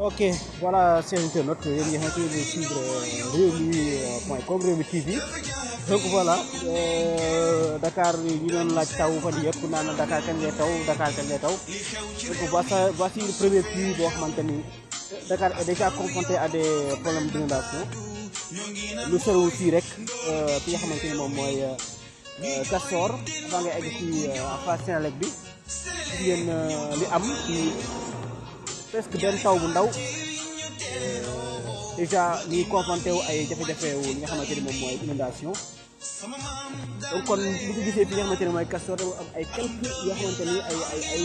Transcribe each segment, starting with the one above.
ok voilà seen internaute yéen ñi xamante ne suivre euh, Rewmi point com Rewmi TV donc voilà euh, Dakar ñu doon laaj taw fan yëpp naan Dakar kañ lay taw Dakar kañ lay taw donc voici le premier pluie boo xamante ni Dakar est déjà confronté à des problèmes d'inondation lu soriwul fii rek euh, fi nga xamante ni moom mooy Castor avant nga egg ci en face bi gis ngeen li am presque benn taw bu ndaw déjà ñuy confronté wu ay jafe-jafe wu li nga xamante ni moom mooy inondation donc kon bu ñu gisee fi nga xamante ne mooy Castor am ay quelques yoo ni ay ay ay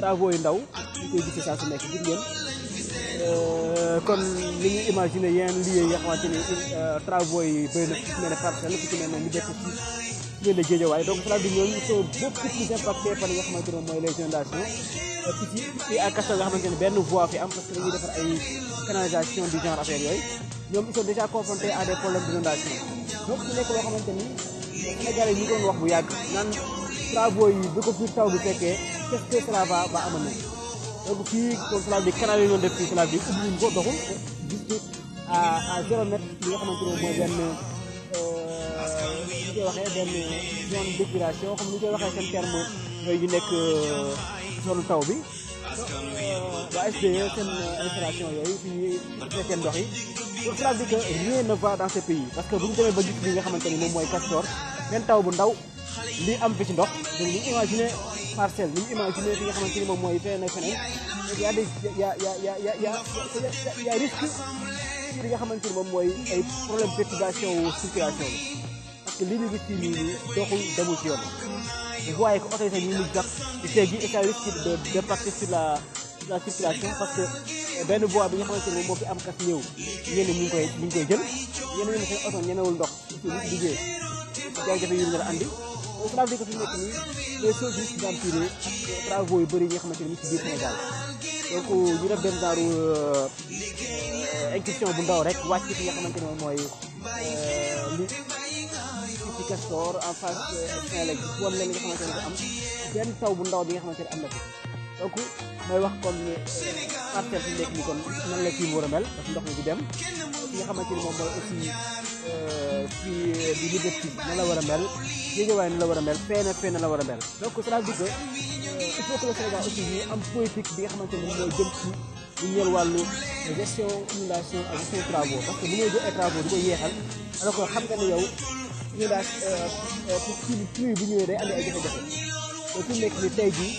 travaux yu ndaw ñu koy gisee saa su nekk gis euh, kon li ñu imaginer yeneen lieux yi nga xamante ni euh, travaux yi bëri na fi ci mel ne parcelle fi fële la Guédiawaye donc cela veut dire ñoom ils sont beaucoup plus impactés par li nga xamante ne mooy les inondations fii fii à Castor nga xamante ne benn voie fi am parce que dañuy defar ay canalisation du genre affaire yooyu ñoom ils sont déjà confrontés à des problèmes d'inondation donc su nekk loo xamante ni Sénégal yi ñu doon wax bu yàgg naan travaux yi bu ko fii taw bi fekkee qu'est-ce que cela va ba amal na donc fii comme cela veut dire canal noonu def fii cela veut dire ubbi ñu ko doxul juste à à zéro mètre li nga xamante mooy benn euh, ñu koy waxee benn zone de dégradation comme ni ñu koy waxee seen terme yu nekk euh, zone taw bi. Euh, waa SDE seen installation yooyu fi ñuy fekkee ndox yi pour cela dire que rien ne va dans ce pays parce que bu ñu demee ba gis nga xamante ni moom mooy Castor benn taw bu ndaw li am fi ci ndox donc ñu imaginer parcelle ñu imaginer fi nga xamante ni moom mooy feneen ak feneen y a des y a y ya ya ya y a y a y a risque li nga xamante ni moom mooy ay problème perturbation wu situation bi. que li ñu gis ci nii nii ko demul ci yoon vous voyez que oto yi sax ñu ngi jàpp c'est gi ça risque de de partir sur la la parce que euh, benn voie bi nga xamante ne moo fi am kas ñëw ñenn ñu ngi koy ñu ngi koy jël ñenn ñi yu bëri yi nga xamante ne ñu ci biir Sénégal donc euh, ñu def benn genre euh, incursion bu ndaw rek wàcc fi nga xamante ne mooy li ci Castor en face Saint-Louis wan leen li nga xamante ne am benn taw bu ndaw bi nga xamante ne am na ko donc mooy wax kon ni euh, parcelle bi nekk ni war a mel parce que ndox mi du dem fi nga xamante ni moom mooy aussi fii euh, euh, di Liberté na la war a mel Guédiawaye na la war a mel fenn fenn la war a mel donc cela veut dire que il faut que le am politique bi nga xamante ni mooy jëm ci ñu ñeel wàllu gestion inondation ak gestion travaux parce que bu ñuy jox ay travaux di ko yéexal alors que xam nga ne yow ñu daal euh, euh, pour kii pluie bu ñëwee day andi ay jafe-jafe te fi mu nekk nii tey jii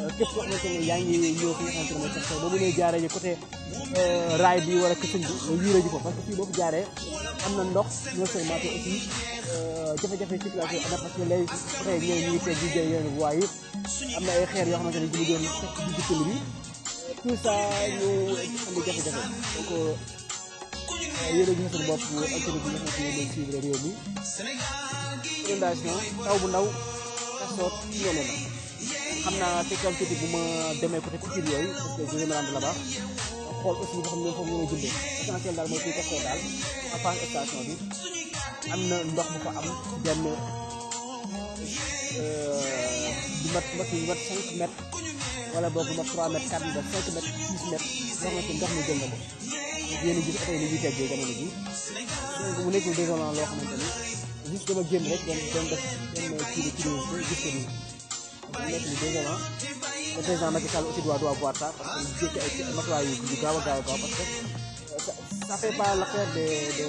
euh, képp koo xamante ne yaa ngi ñëw fi entraînement sax ba mu nee jaaree ji côté raay bi wala kësën bi nga wiire ji ko parce que fii boo ko jaaree am na ndox non seulement te aussi jafe-jafe circulation adaptation lay xëy ñëw ñu ngi teg di jël yeneen voies yi am na ay xeer yoo xamante ne ñu ngi doon fekk bi tout ça ñu andi jafe-jafe yéen a ngi seen bopp ak kër gi nga xam ne mooy suivre réew mi inondation taw bu ndaw kasoot ñoone la xam naa fekkal tuuti bu ma demee côté culture yooyu parce que je vais me rendre là-bas xool aussi boo xam ne foofu ñoo jëndee essentiel daal mooy fii kasoot daal à part station bi am na ndox bu fa am benn du mat mat yu mat 5 mètres wala boobu mat 3 mètres 4 mètres 5 mètres 6 mètres yoo xamante ndox mi jël na ko. yéen a gis xëy na loo xamante ni juste dama génn rek doon doon def benn de kii de gis ko nii mu nekk ah. président Macky Sall aussi doit doit voir parce que mu jékki a gaaw a gaaw parce que ça fait pas l'affaire de de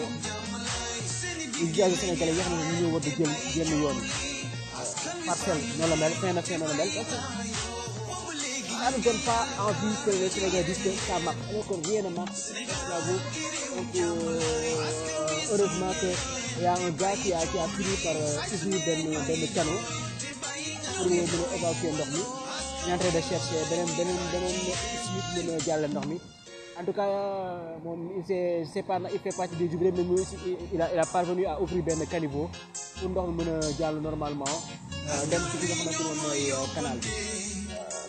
usagers sénégalais yi nga xam ne ñu ñëw war di jël jël yoon parcelle noonu la mel fin na fin noonu la mel ça ne donne pas envie que les Sénégalais disent que ça marche alors que a un gars qui par euh, ouvrir benn benn canot pour mën a ndox mi ñu en de chercher beneen beneen beneen suite jàll ndox mi en tout cas euh, moom il s'est c'est pas il fait partie il a il a parvenu benn caniveau pour ndox mi mën jàll normalement euh, dem ci li nga xamante ne mooy canal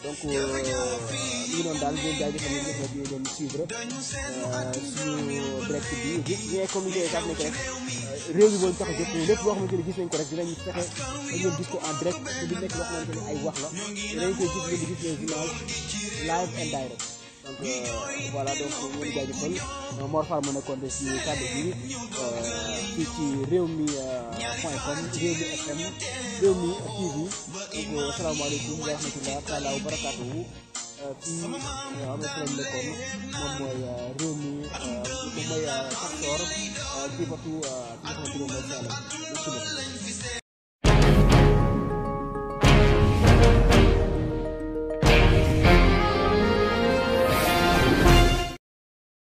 donc ñu ngi doon daal di jaajëfal ñu ngi leen doon suivre euh, suñu direct bi gis ngeen comme ni nga rek euh, réew mi moo tax a jot lépp boo xamante ne gis nañ ko rek dinañ fexe ba ngeen gis ko en direct te du nekk loo xamante ne ay wax la dinañ koy gis ngeen di gis donc voilà donc ñu ngi jaajëfal euh, Mor Fall ma nekkoon de si kàddu gi euh, fii ci réew mi euh, point réew mi FM réew mi TV donc asalaamaaleykum wa rahmatulah taala wa barakaatuhu fii am na solo moom mooy réew mi moom mooy Castor ci batu ki nga xamante ne mooy Saalum